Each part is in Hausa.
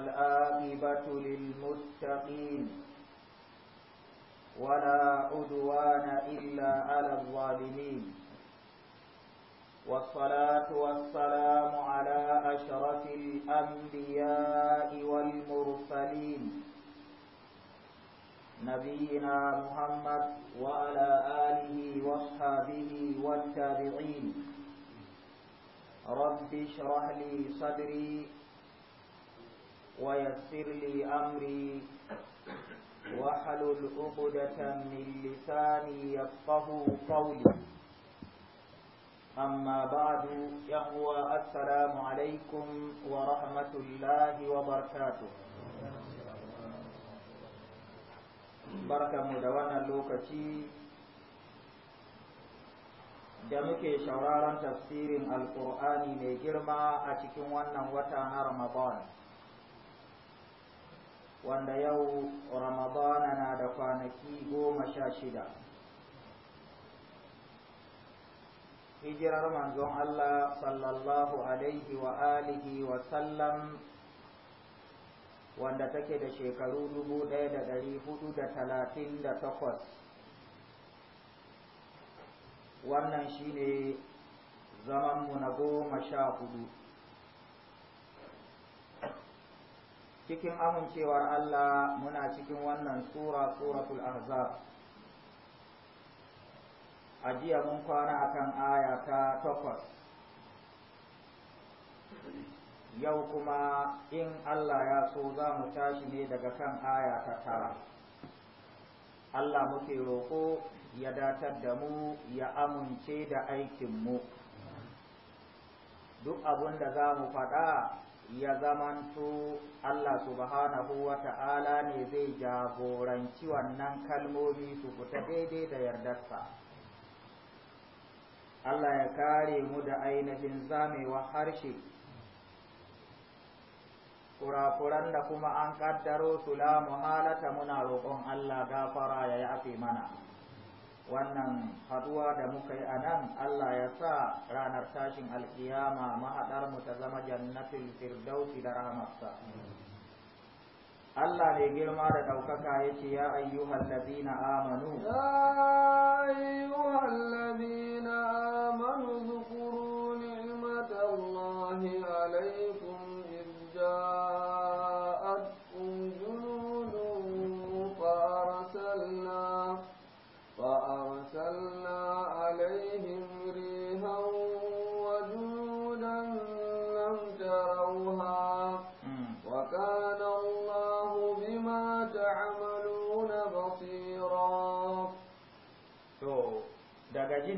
والآقبة للمتقين ولا عدوان إلا على الظالمين والصلاة والسلام على أشرف الأنبياء والمرسلين نبينا محمد وعلى آله واصحابه والتابعين رب اشرح لي صدري wa yassir li amri wa halul uqdatan min lisani yafqahu qawli amma ba'du yahwa assalamu alaikum wa rahmatullahi wa barakatuh barakamu da wannan lokaci da muke shawararan tafsirin alqur'ani mai girma a cikin wannan wata na ramadan wanda yau ramadana na da kwanaki goma sha shida hijirar manzon Allah sallallahu alaihi wa alihi wa sallam wanda take da shekaru dubu ɗaya da ɗari hudu da talatin da takwas wannan shi ne zamanmu na goma sha hudu cikin amincewar Allah muna cikin wannan sura suratul ahzab ajiya mun kwana akan aya ta takwas yau kuma in Allah ya so za mu tashi ne daga kan aya ta tara Allah muke roƙo ya datar da mu ya amince da aikinmu duk abun da za mu faɗa ya zamantu Allah subhanahu wa ta'ala ne zai jagoranci wannan kalmomi su fita daidai da yardarsa. Allah ya kare mu da ainihin zamewa harshe, kurakuran da kuma an ƙaddaro su la muhalata muna roƙon Allah gafara ya yafe mana. wannan haduwa da muka yi a nan Allah ya sa ranar tashin alkiyama mahaɗar mu ta zama jannatin firdausi da rahamarsa Allah ne girma da ɗaukaka ya ce ya ayyuhal ladina amanu ya ayyuhal ladina amanu zuku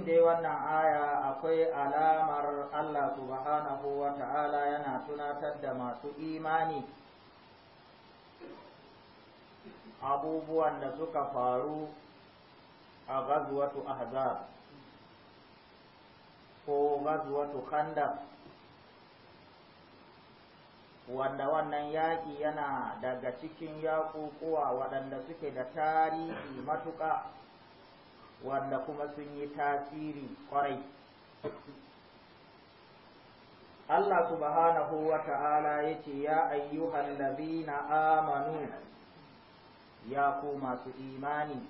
cikin dai wannan aya akwai alamar Allah subhanahu wa ta'ala yana tunatar da masu imani abubuwan da suka faru a gazuwatu ahzab ko gazuwatu khandaq wanda wannan yaƙi yana daga cikin yaƙuƙuwa waɗanda suke da tarihi matuƙa wanda kuma sun yi tasiri kwarai Allah subhanahu wa ta'ala ya ce ya ayyuhan na amanu ya ku masu imani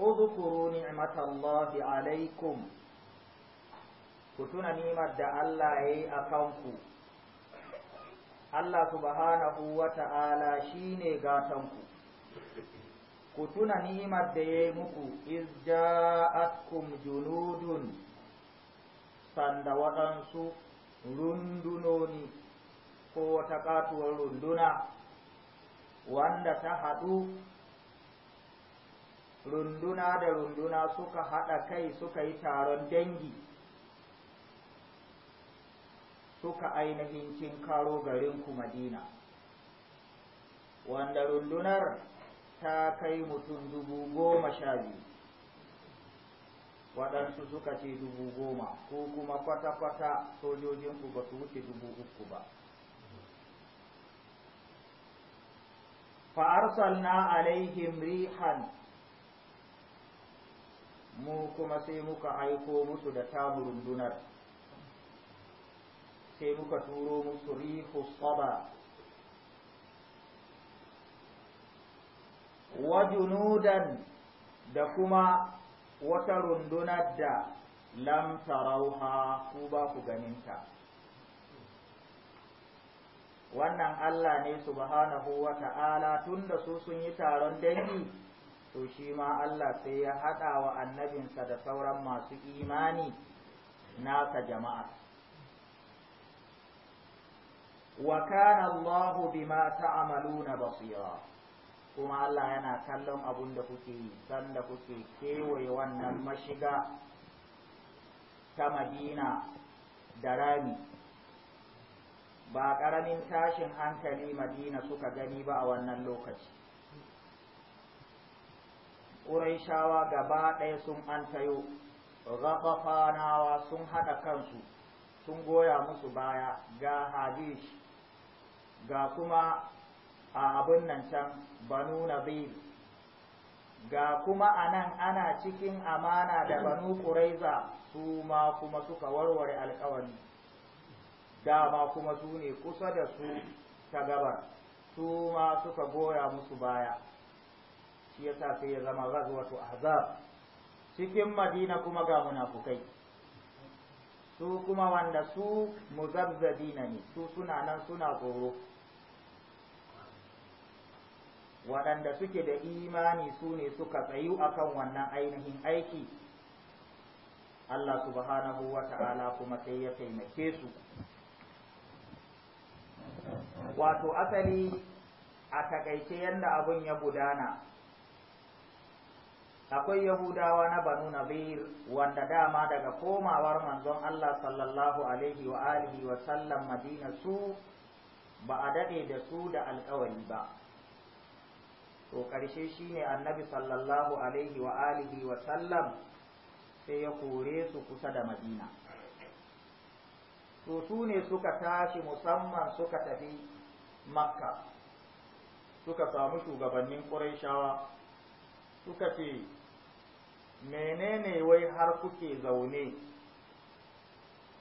alaikum, ku tuna nimar da Allah ya yi a kanku, Allah subhanahu wa ta'ala shi ne gatanku, utuna tuna da ya yi izja'atkum junudun sanda waɗansu lundunoni ko wata ƙatuwar runduna wanda ta haɗu runduna da lunduna suka haɗa kai suka yi taron dangi suka ainihin karo ku madina wanda rundunar ta kai mutum dubu goma sha biyu waɗansu suka ce dubu goma ko kuma kwata-kwata sojojinku ba su wuce dubu uku ba fa'arsalna alaihim rihan mu kuma sai muka aiko musu da tamu rundunar sai muka turo musu rihu saba wa junudan da kuma wata rundunar da lam tarauha ku ba ku ganinta wannan Allah ne subhanahu wa ta'ala tunda su sun yi taron dangi to shi ma Allah sai ya haɗa wa annabinsa da sauran masu imani nasa jama'a wa kana Allahu bima ta'maluna basira kuma Allah yana kallon abun da kuke yi sanda kuke kewaye wannan mashiga ta madina da rami ba ƙaramin tashin hankali madina suka gani ba a wannan lokaci ƙuraishawa gaba ɗaya sun antayo rafafanawa sun haɗa kansu sun goya musu baya ga hadish ga kuma a abin nan can banu nadir ga kuma anan ana cikin amana da banu ƙuraiza su ma kuma suka warware alkawari dama kuma su ne kusa da su ta gabar su ma suka goya musu baya shi yasa sai ya zama ghazwatu ahzab cikin madina kuma ga munafukai su kuma wanda su muzabzabina ne su suna nan suna tsoro waɗanda suke da imani su ne suka tsayu akan wannan ainihin aiki Allah subhanahu wa ta'ala kuma sai ya taimake su wato asali a takaice yadda abun ya gudana akwai yahudawa na banu nabir wanda dama daga komawar manzon Allah sallallahu alaihi wa alihi wa sallam madina su ba a daɗe da su da alƙawari ba to ƙarshe shine annabi sallallahu alaihi wa alihi wa sallam sai ya kore su kusa da madina to su ne suka tashi musamman suka tafi makka suka samu shugabannin ƙuraishawa suka ce menene wai har kuke zaune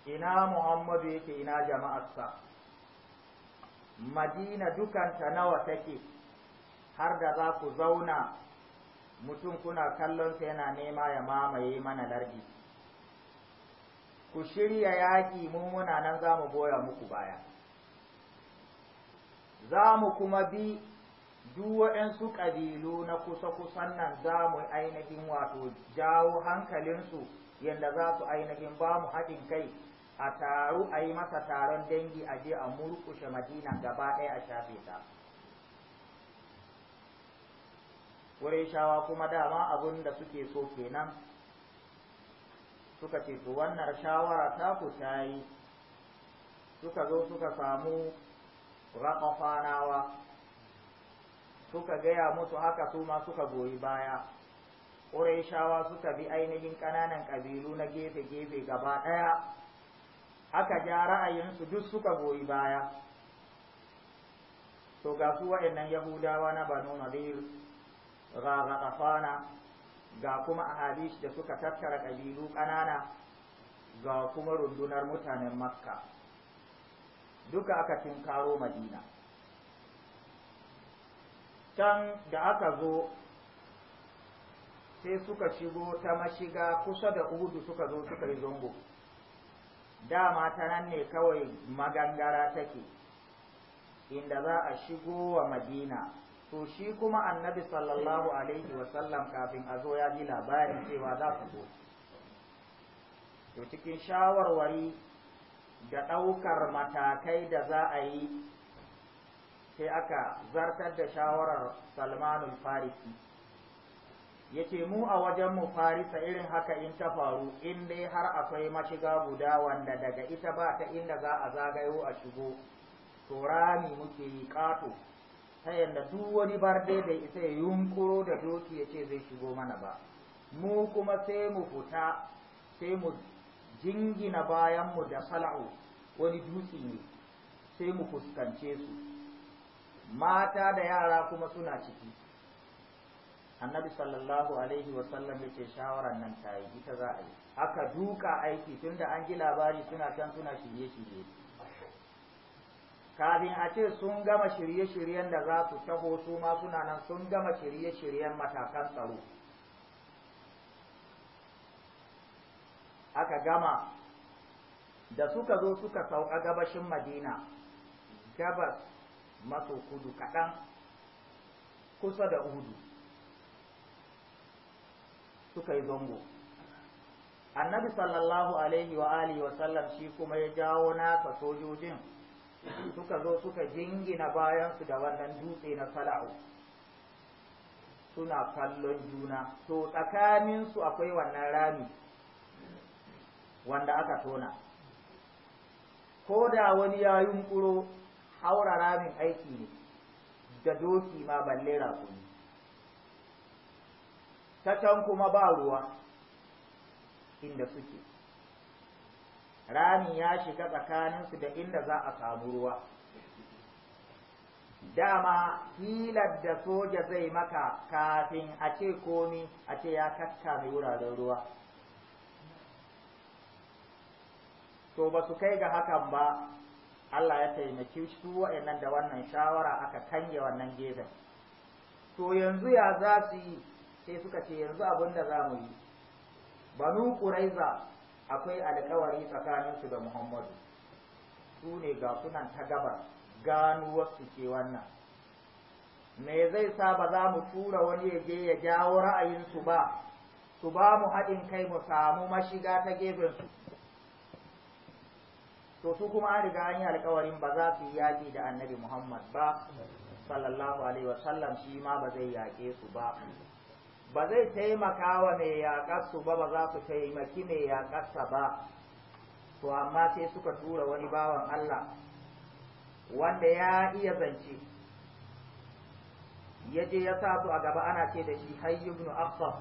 ina muhammadu yake ina jama'arsa madina dukanta nawa take har da za ku zauna mutum kuna kallonsa yana nema ya mamaye mana lardi ku shirya yaƙi mu muna nan za mu goya muku baya za mu kuma bi duwa'yansu ƙabilu na kusa-kusan nan za mu ainihin wato jawo hankalinsu yadda za su ainihin ba mu haɗin kai a taru a yi masa taron dangi a je a murkushe madina gaba ɗaya a shafe ta. shawa kuma dama abun da suke so kenan suka ce to wannan shawara ta ku tayi suka zo suka samu raƙafanawa suka gaya musu haka su ma suka goyi baya ƙurayshawa suka bi ainihin ƙananan ƙabilu na gefe-gefe gaba ɗaya aka ja ra'ayinsu duk suka goyi baya to ga su waɗannan yahudawa na banu nadir ghaghafana ga kuma ahadith da suka tattara kabilu ƙanana ga kuma rundunar mutanen makka duka aka tinkaro madina can da aka zo sai suka shigo ta mashiga kusa da udu suka zo suka yi zango dama ta nan ne kawai magangara take inda za a shigo wa madina to shi kuma annabi sallallahu alaihi wasallam kafin a zo ya ji labarin cewa za su zo to cikin shawarwari da ɗaukar matakai da za a yi sai aka zartar da shawarar salmanul farisi ya ce mu a wajenmu farisa irin haka in ta faru in dai har akwai mashiga guda wanda daga ita ba ta inda za a zagayo a shigo to rami muke yi ƙato ta yadda duk wani barde da isa ya yunkuro da doki ya ce zai shigo mana ba mu kuma sai mu fita sai mu jingina bayanmu da sala'u wani dutse ne sai mu fuskance su mata da yara kuma suna ciki annabi sallallahu alaihi wasallam ya ce shawarar nan ta yi ita za a yi aka duka aiki tunda an ji labari suna can suna shirye-shirye kafin a ce sun gama shirye-shiryen da za su taho su ma suna nan sun gama shirye-shiryen matakan tsaro aka gama da suka zo suka sauka gabashin madina gabas maso kudu kaɗan kusa da uhudu suka yi zango annabi sallallahu alaihi wa alihi wa sallam shi kuma ya jawo nasa sojojin suka zo suka jingina bayansu da wannan dutse na sala'u suna kallon juna to tsakaninsu akwai wannan rami wanda aka tona ko da wani ya yunkuro haura ramin aiki ne da doki ma balle rakuni ta can kuma ba ruwa inda suke rami ya shiga tsakaninsu da inda za a samu ruwa dama filar da soja zai maka kafin a ce komi a ce ya mai wuraren ruwa to ba su kai ga hakan ba Allah ya taimaki su wa'annan da wannan shawara aka kange wannan gefen to yanzu ya za su yi sai suka ce yanzu abin da za mu yi banu ƙuraiza akwai alkawari tsakaninsu da muhammadu su ne ga sunan ta gaba ganuwarsu ke wannan me zai sa ba za mu tura wani ya je ya jawo ra'ayinsu ba su ba mu haɗin kai mu samu mashiga ta gefen su? to su kuma an riga an yi alkawarin ba za su yi yaƙi da annabi muhammad ba sallallahu alaihi wasallam shi ma ba zai yaƙe su ba ba zai taimaka wa mai yaƙarsu ba ba za su taimaki mai yaƙarsa ba to amma sai suka tura wani bawan Allah wanda ya iya zance ya je ya sa su a gaba ana ce da shi hayyu ibn aqsab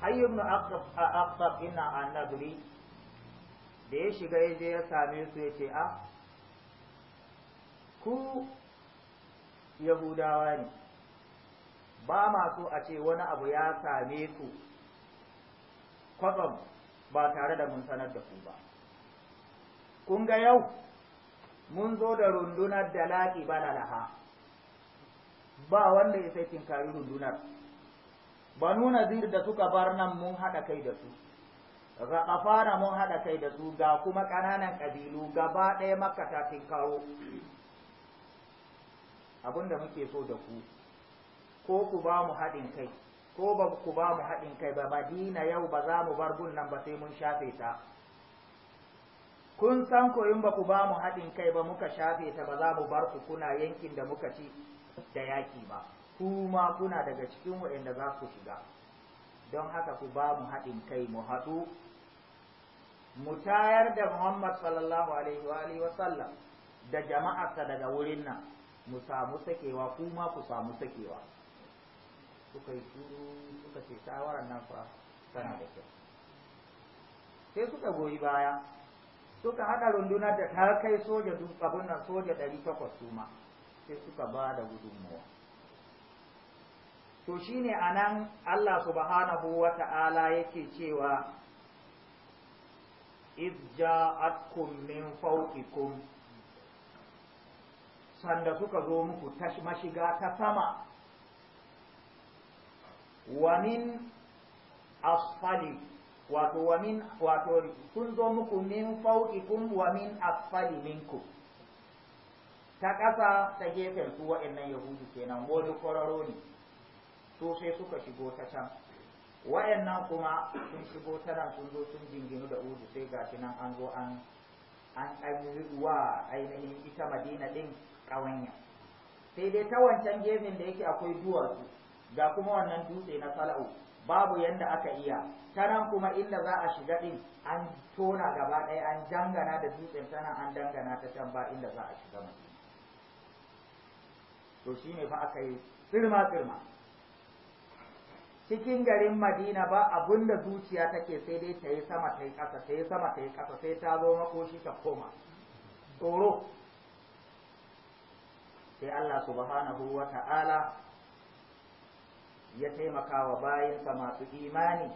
hayyu ibn aqsab ina annabri da ya shiga ya je ya same su ya ce a ah, ku yahudawa ne ba ma so a ce wani abu ya same ku kwatsam ba tare da mun sanar da ku ba kun ga yau mun zo da rundunar da laƙi balalaha ba wanda ya sai tinkari rundunar Ba nuna zir da suka bar nan mun haɗa kai da su fara mun haɗa kai da su ga kuma ƙananan ƙabilu gaba ɗaya maka ta tinkaro abinda muke so da ku ko ku ba mu haɗin kai ko ba ku ba mu haɗin kai ba madina yau ba za mu bar gun nan ba sai mun shafe ta kun san koyon ba ku ba mu haɗin kai ba muka shafe ta ba za mu bar ku kuna yankin da muka ci da yaki ba kuma kuna daga cikin waɗanda za ku shiga don haka ku ba mu haɗin kai mu haɗu mu tayar da Muhammad sallallahu alaihi wa alihi wa sallam da jama'arsa daga wurin nan mu samu sakewa kuma ku samu sakewa suka yi shuru suka ce shawarar nan fa tana da kyau sai suka goyi baya suka haɗa rundunar da ta kai soja abin nan soja ɗari takwas su ma sai suka ba da gudunmuwa to shine anan Allah subhanahu wa ta'ala yake cewa iz ja'atkum min fawqikum sanda suka zo muku ta mashiga ta sama wa min asfali wato wa min wato kun zo muku min fawqikum wa min asfali minkum ta ƙasa ta gefen su wa'annan yahudu kenan wani kwararo ne to sai suka shigo ta can wa'annan kuma sun shigo ta nan sun zo sun jinginu da udu sai ga nan an zo an an wa ainihin ita madina ɗin ƙawanya sai dai ta wancan gefen da yake akwai duwatsu ga kuma wannan dutse na sala'u babu yanda aka iya tanan kuma inda za a shiga din an tona gaba ɗaya an dangana da dutsen tana an dangana ta can ba inda za a shiga mai to shi ne fa aka yi tsirma tsirma cikin garin madina ba abun da zuciya take sai dai ta yi sama ta yi ƙasa ta yi sama ta yi ƙasa sai ta zo makoshi ta koma tsoro sai Allah subhanahu wa ta'ala ya taimaka wa bayansa masu imani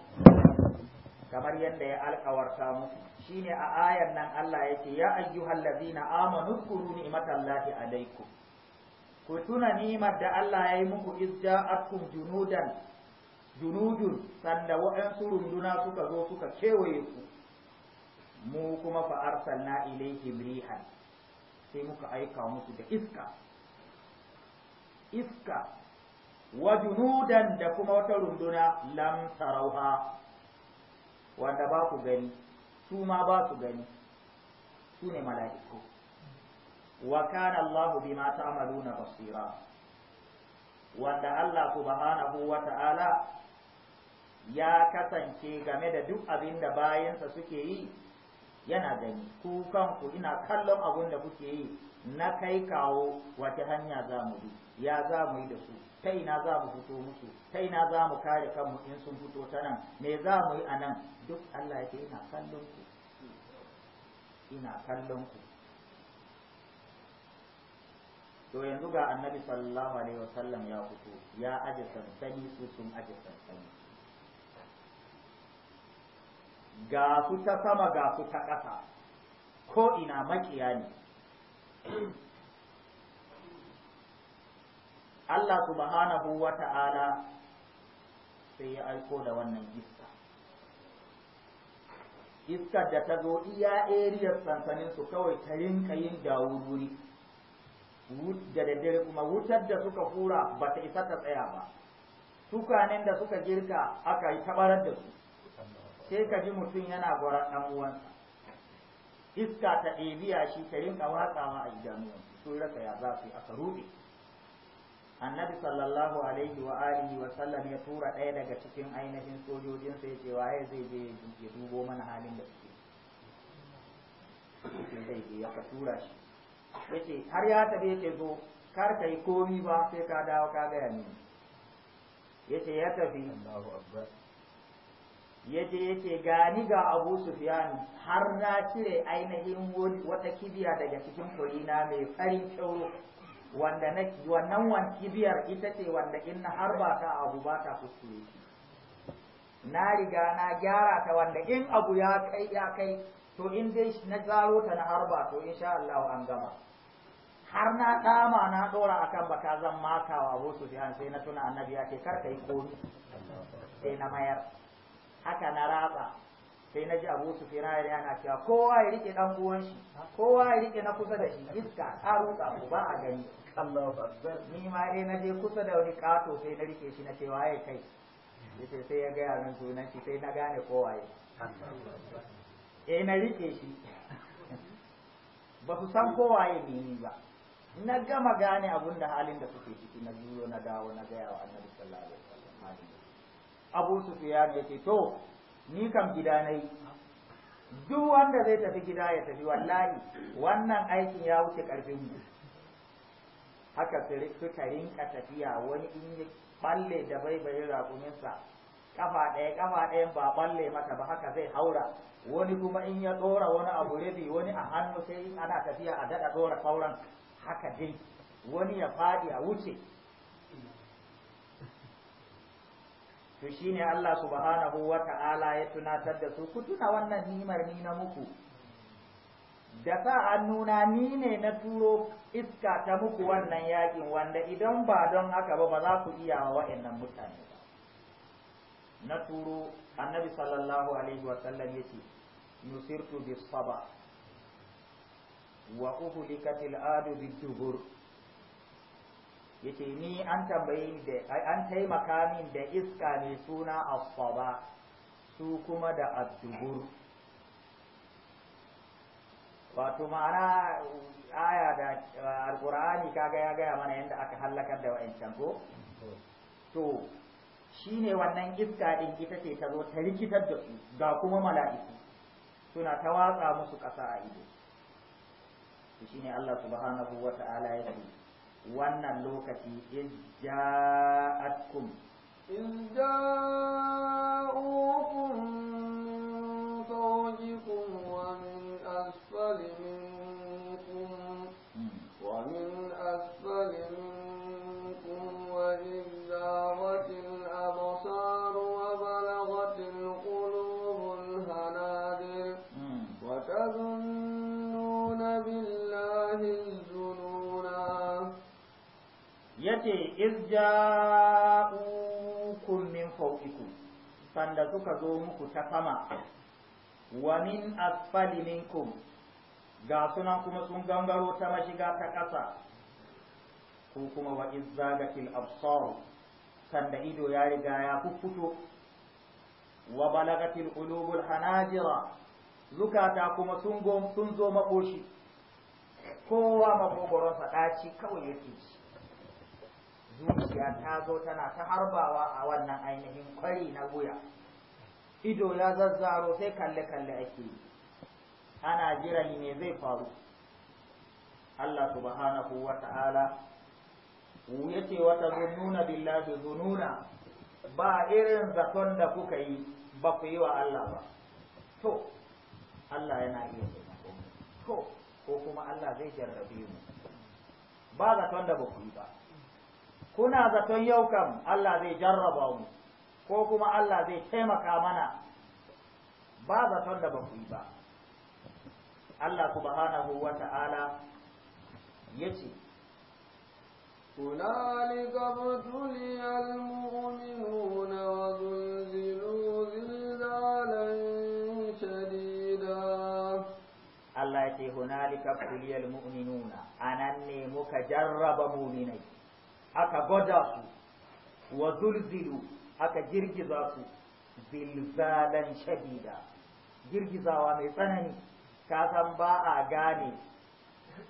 kamar yadda ya alkawarta musu shine a ayan nan Allah yake ya ayyuhal ladina amanu kuru ni'matallahi alaikum ku tuna nimar da Allah ya yi muku izja'atkum junudan junudun sanda waɗansu runduna suka zo suka kewaye ku mu kuma fa arsalna ilaihim rihan sai muka aika musu da iska iska wa junudan da kuma wata runduna lam tarauha wanda ba ku gani su ma ba su gani su ne mala'iku wa kana Allahu bima ta'maluna basira wanda Allah subhanahu wa ta'ala ya kasance game da duk abin da bayansa suke yi yana gani ku kanku ina kallon abun da kuke yi na kai kawo wata hanya za mu bi ya za mu yi da su ta ina za mu fito musu ta ina za mu kare kanmu in sun fito ta nan me za mu yi a nan duk Allah ya ce ina kallon ku ina kallon ku to yanzu ga annabi sallallahu alaihi wasallam ya fito ya aje sansani su sun aje sansani ga su ta sama ga su ta ƙasa ko ina makiya ne Allah subhanahu wa ta'ala sai ya aiko da wannan iska iskar da ta zo iya eriyar sansanin kawai ta rinka yin dawuri da daddare kuma wutar da suka hura ba ta isa ta tsaya ba tukanin da suka girka aka yi tabarar da su sai ka ji mutum yana gwara ɗan uwansa iska ta ɗebiya shi ta rinka watsawa a idanuwansu sun rasa ya za su yi aka ruɗe annabi sallallahu alaihi wa alihi wa sallam ya tura ɗaya daga cikin ainihin sojojinsa ya ce waye zai je ya dubo mana halin da suke cikin zai je ya tura shi ya ce har ya taɓa ya ce zo kar ka yi komi ba sai ka dawo ka gaya mini ya ce ya tafi yaje yake gani ga Abu Sufyan har na cire ainihin wata kibiya daga cikin kurina mai farin kyauro wanda na wannan wan kibiyar ita ce wanda in na harba ta abu ba ta kuskure na riga na gyara ta wanda in abu ya kai ya kai to in dai na tsaro ta na harba to insha Allah an gama har na dama na dora akan baka zan makawa Abu Sufyan sai na tuna annabi ya ce kar kai komi sai na mayar haka na ratsa sai na ji abu su fira ya yana cewa kowa ya rike dan uwan shi kowa ya rike na kusa da shi iska ta ruka ko ba a gani Allahu akbar ni ma dai na je kusa da wani kato sai na rike shi na cewa ai kai yace sai ya gaya nan sunan shi sai na gane kowa ya eh na rike shi ba su san kowa ya ni ba na gama gane abun da halin da suke ciki na juro na dawo na ga yawa annabi sallallahu alaihi wasallam abu Sufyan ya ce to ni kam gida na duk wanda zai tafi gida ya tafi wallahi wannan aikin ya wuce karfin mu haka suka rinka tafiya wani in ya balle da baibayin rakuminsa kafa ɗaya kafa ɗayan ba balle mata ba haka zai haura wani kuma in ya ɗora wani abu rabi wani a hannu sai ana tafiya a daɗa ɗora sauran haka dai wani ya faɗi a wuce to shine Allah subhanahu wa ta'ala ya tunatar da su ku tuna wannan nimar ni na muku da sa hannuna ni ne na turo iska ta muku wannan yakin wanda idan ba don haka ba ba za ku iya wa wa'annan mutane ba na turo annabi sallallahu alaihi wa sallam yace nusirtu bis saba wa uhlikatil adu bid yace ni an tambayi da an taimaka min da iska mai suna asaba su kuma da abdubur wato ma'ana aya da eh, alkur'ani kaga ya gaya mana yadda aka hallakar da wa'ancan ko to shine wannan iska din ita ce ta zo ta rikitar da su ga kuma mala'iki suna ta watsa musu ƙasa a ido shine Allah subhanahu wata'ala ya ce wannan lokaci in ja'atkum in ja'ukum min wa min asfali min iz ja'ukum min fawqikum sanda suka zo muku ta sama wa min asfali minkum ga sunan kuma sun gangaro ta mashiga ta ƙasa ko kuma wa iz zagatil absar sanda ido ya riga ya fuffuto wa balagatil qulubul hanajira zukata kuma sun sun zo makoshi kowa makogoronsa faɗaci kawai yake ci zuciya ta zo tana ta harbawa a wannan ainihin kwari na wuya ido ya zazzaro sai kalle-kalle ake yi ana jiran ne zai faru Allah subhanahu wa ta'ala ce wata zununa billahi zununa ba irin zaton da kuka yi ba ku yi wa Allah ba to Allah yana iya to ko kuma Allah zai jarrabe mu ba zaton da ba ku yi ba kuna zaton yau kam Allah zai jarraba mu ko kuma Allah zai taimaka mana ba zaton da baku yi ba. Allah ku subhanahu wa ta’ala ya ce, Kulali gabatuli al’ummi nuna wa zunzilu zilzalen shadida. Allah ya ce, Kulali gabatuli al’ummi nuna, anan ne muka jarraba muminai. aka gwada su wa zulzilu aka girgiza su zilzalan shadida girgizawa mai tsanani ka san ba a gane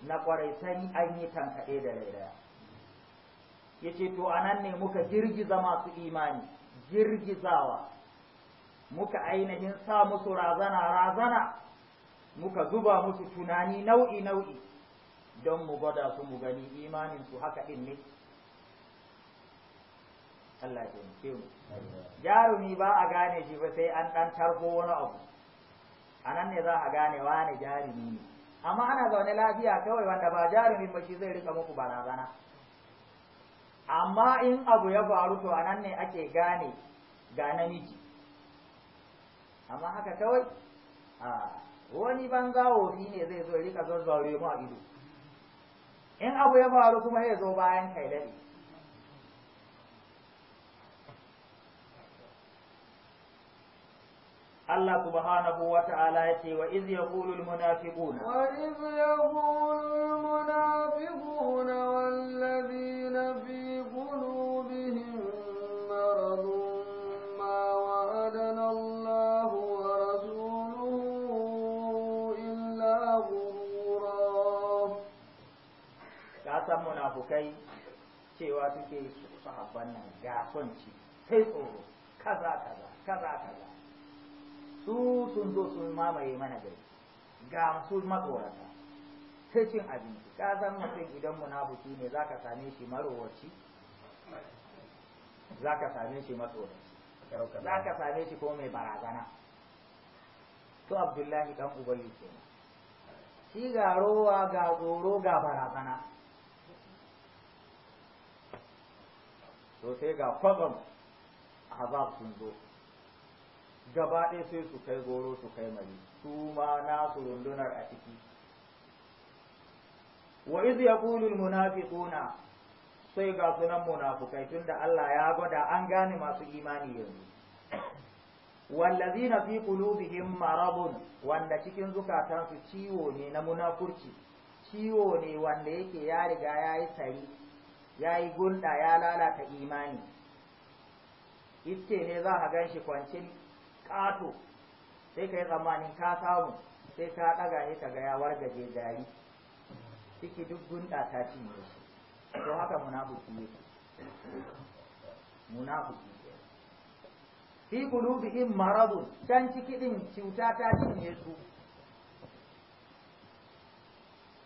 na kwarai sai an yi tankaɗe da laida. ya ce to a nan ne muka girgiza masu imani girgizawa muka ainihin sa musu razana razana muka zuba musu tunani nau'i nau'i don mu gwada su mu gani imaninsu haka ɗin ne Allah ya taimake mu jarumi ba a gane shi ba sai an dan tarko wani abu anan ne za a gane wani jarumi ne amma ana zaune lafiya kawai wanda ba jarumi ba shi zai rika muku barazana amma in abu ya faru to anan ne ake gane ga namiji amma haka kawai a wani banza wofi ne zai zo rika zazzaure mu a ido in abu ya faru kuma ya zo bayan kai dare Allah subhanahu wa ta'ala ya ce wa iz yaqulu al-munafiquna wa iz yaqulu al-munafiquna wal ladina fi qulubihim maradun ma wa'adana Allah wa rasuluhu illa ghurura ka san munafikai cewa suke su sahabban nan ga sonci sai tsoro kaza kaza kaza kaza su sun zo sun mamaye mana gari ga su matsorata sai cin abinci ka san mutum idan buki ne ka same shi marowaci ka same shi Za ka same shi ko mai barazana to abdullahi dan ubayi ke shi ga rowa ga tsoro ga barazana to sai ga kwazon azab sun zo gaba ɗaya sai su kai goro su kai mari su ma nasu rundunar a ciki wa iz yaqulu al munafiquna sai ga sunan munafukai tunda Allah ya gwada an gane masu imani yanzu wallazina fi qulubihim maradun wanda cikin zukatansu ciwo ne na munafurci ciwo ne wanda yake ya riga ya yayi sari yi gulɗa, ya lalata imani iste ne za a ganshi kwancin ƙato sai ka yi tsammanin ka samu sai ka ɗaga ya ka ga ya wargaje dari ciki duk gunda ta ne, shi to haka munafiki yake munafiki fi qulubihim maradun can ciki din cuta ta ne su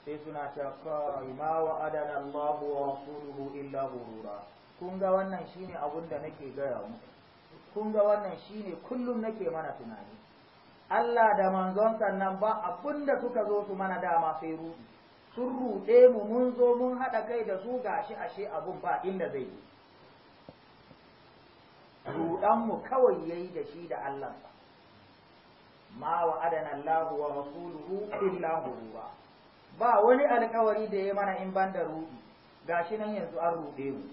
sai suna cewa ma wa adana Allah wa rasuluhu illa ghurura kun ga wannan shine abun da nake gaya muku kun ga wannan shine kullum nake mana tunani Allah da manzon sannan ba abinda suka zo su mana dama sai rudi sun ruɗe mu mun zo mun haɗa kai da su gashi ashe abun ba inda zai yi ruɗan mu kawai yayi da shi da Allah ma wa adana Allah wa rasuluhu illa huwa ba wani alƙawari da ya mana in banda rudi gashi nan yanzu an ruɗe mu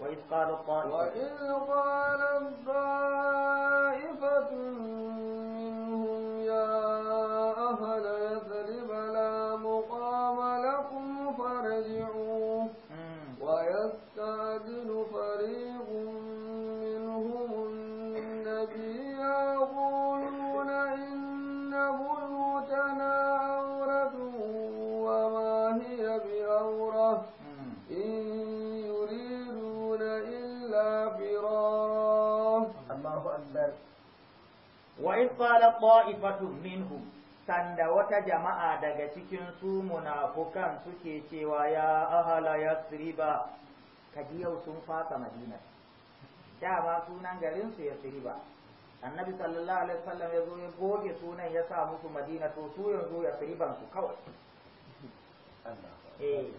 وإذ قال الطائفة وإذ قال الطائفة wa in qala ta'ifatun minhum sanda wata jama'a daga cikin su munafukan suke cewa ya ahala yasriba kaji yau sun fasa madina dama sunan garin su yasriba annabi sallallahu alaihi wasallam ya zo ya goge sunan ya sa musu madina to su yanzu yasriban su kawai eh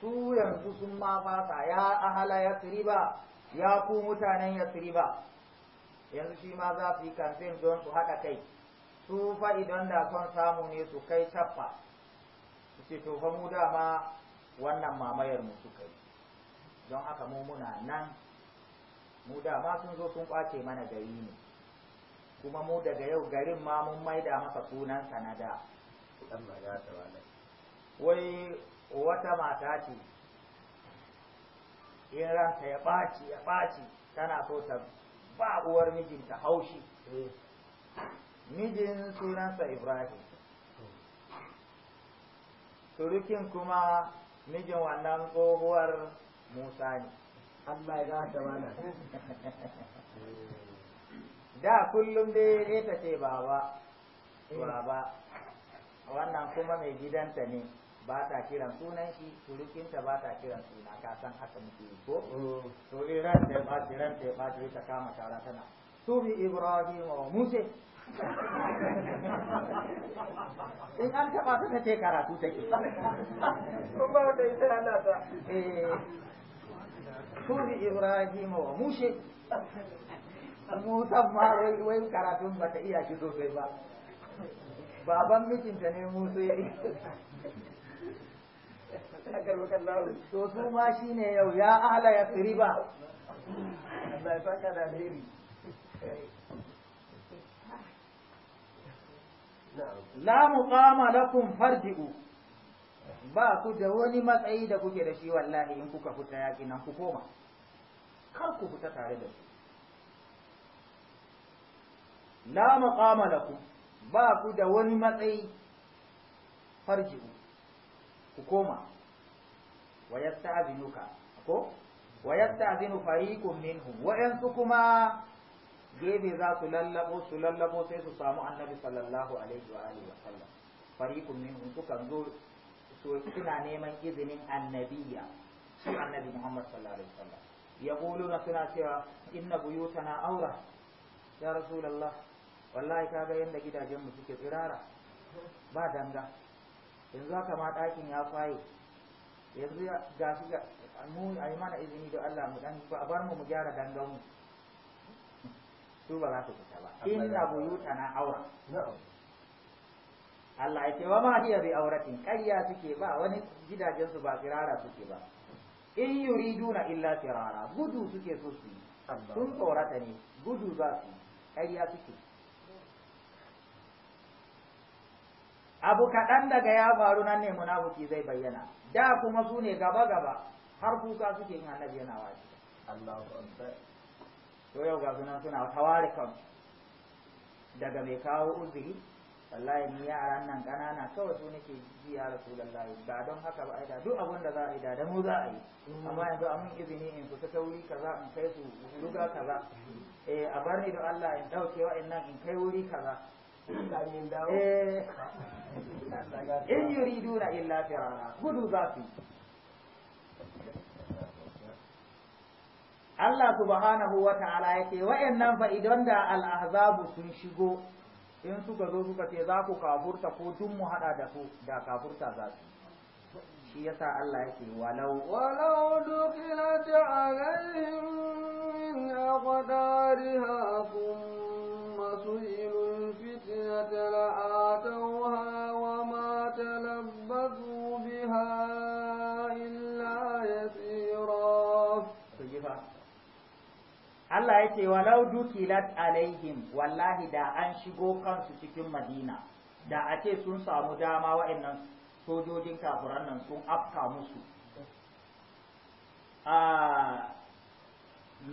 su yanzu sun ma fasa ya ahala yasriba ya ku mutanen yasriba yanzu shi ma za su yi kamfen don su haɗa kai su fa don da son samu ne su kai tappa su ce to fa mu dama wannan mamayar mu su kai don haka mu muna nan mu dama sun zo sun kwace mana gari ne kuma mu daga yau garin ma mun maida masa sunan sanada wai wata mata ce in ranta ya ɓaci ya ɓaci tana so ta faa o war mijin ta hawci mijin suransa ibrahim surukin kuma mijin wannan tsohuwar musa ne allah ya zata mana da kullum dai ita ce baba baba wannan kuma mai gidanta ne ba ta kiran sunan shi ta ba ta kiran suna ka san haka muke ko mm. to eh ta ba ta ta ba ta kama tara tana to bi ibrahim wa musa in an taba ta ce karatu take ko ba ta ita ana ta eh to bi ibrahim wa musa musa ma wai wai karatun ba ta iya shi sosai ba baban mijinta ne musa ya to su ma shi ne yau ya ala ya riba Allah ya faka da alheri la muqama lakum farji'u ba ku da wani matsayi da kuke da shi wallahi in kuka fita yaki nan ku koma kar ku fita tare da su la maqama lakum ba ku da wani matsayi farji'u ku koma wa yasta'zinuka ko wa yasta'zinu fariqun minhum wa'ansu kuma gebe za su lallabo su lallabo sai su samu annabi sallallahu alaihi wa alihi wa sallam fariqun minhum sukan zo suna neman izinin annabiya shi annabi Muhammad sallallahu alaihi wasallam yaquluna suna cewa inna buyutana aura ya rasulullah wallahi kaga yanda gidajen mu suke tsirara ba danga yanzu haka ma ɗakin ya faye. yanzu ga shi ga mu a yi mana izini da Allah mu dan a bar mu mu gyara dangan mu su ba za su fita ba inna buyutana aura Allah ya ce wa ma hiya bi auratin ƙarya suke ba wani gidajen su ba firara suke ba in yuriduna illa firara gudu suke so su sun tsorata ne gudu za su ƙarya suke abu kaɗan daga ya faru nan ne munafiki zai bayyana da kuma su ne gaba gaba har kuka suke yin annabi yana akbar to yau ga sunan suna tawarikan daga mai kawo uzuri wallahi ni yaran nan ƙanana kawai su nake ji ya rasulullahi ba don haka ba aida duk abin da za a yi da da mu za a yi amma yanzu a mun izini in fita sauri kaza in kai su ruga kaza eh a bar ni da Allah in dauke wa'annan in kai wuri kaza Eh. in yuriduna illa firara gudu za su Allah subhanahu wa ta'ala yake wa'yannan fa idan da al'azabu sun shigo in suka zo suka ce za ku kafurta ko tun mu haɗa da su da kafurta za su shi yasa Allah yake walau walau dukhilat alaihim min aqdariha thumma su'ilu الفتية لآتوها وما تلبثوا بها إلا يسيرا Allah ya ce walau dukilat alaihim wallahi da an shigo kansu cikin Madina da a ce sun samu dama wa'annan sojojin kafuran nan sun afka musu a ah,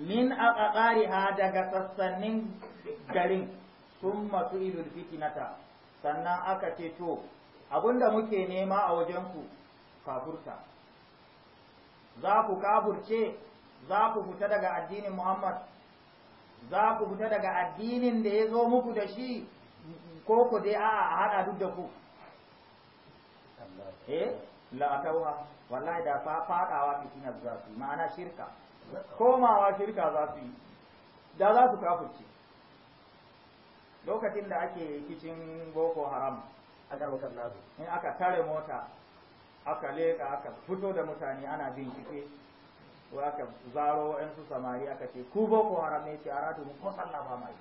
min ha daga sassanin garin summa tu'idul fitnata sannan aka ce to abinda muke nema a wajen ku kafurta za ku kafurce za ku fita daga addinin Muhammad za ku fita daga addinin da ya zo muku da shi ko ku dai a hada duk da ku eh la'atawa wallahi da fa fadawa fitinar za su ma'ana shirka komawa shirka za su yi da za su kafurce lokacin da ake kicin boko haram a garwatar nasu in aka tare mota aka leka aka fito da mutane ana bincike wa aka zaro yan su samari aka ce ku boko haram ne ce aratu mu ko sallah ba mai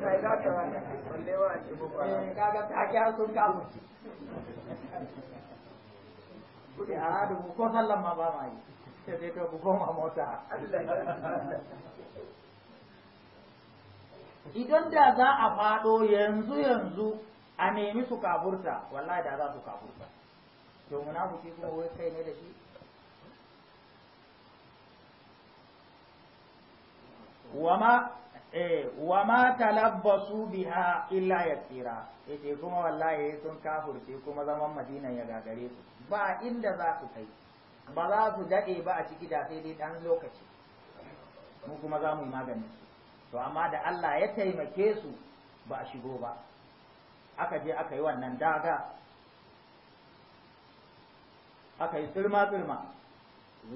kai da ka wani balle wa ce boko haram eh, kaga ta kiya sun kamu ce mu ko sallah ma ba mai sai dai to ku koma mota idan da za a faɗo yanzu yanzu a nemi su kafurta wallahi da za su kafurta to munafiki kuma wai kai ne da shi wama eh wama talabbasu biha illa yasira yace kuma wallahi sun kafurce kuma zaman madina ya gagare su ba inda za su kai ba za su dade ba a ciki da sai dai dan lokaci mu kuma za mu yi maganin su to amma da Allah ya taimake su ba a shigo ba aka je aka yi wannan daga aka yi tsirma-tsirma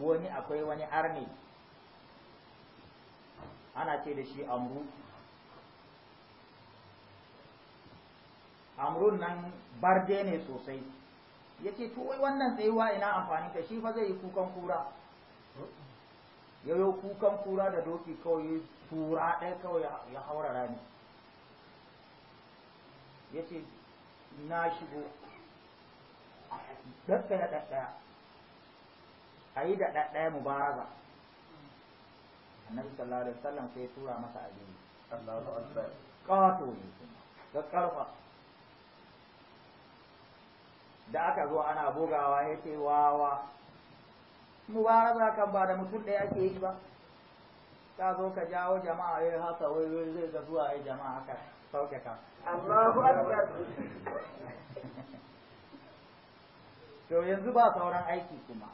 wani akwai wani arni ana ce da shi amru amrun nan barde ne sosai ya ce wai wannan tsayuwa ina amfani ka shi fa zai yi kukan kura ya yi kukan kura da doki kawai ya tura ɗaya kawai ya haura rami ya ce na shigo da ɗaɗɗaya a yi da ɗaɗɗaya mubaraza annabi sallallahu alaihi wasallam sai ya tura masa abin ƙato ne da ƙarfa da aka zo ana bugawa ya ce wawa mubaraba kan ba da mutum ɗaya ake yi ba ka zo ka jawo jama'a ya eh, haka wai wai zai ga zuwa ya jama'a haka sauke ka Allahu akbar to yanzu ba sauran aiki kuma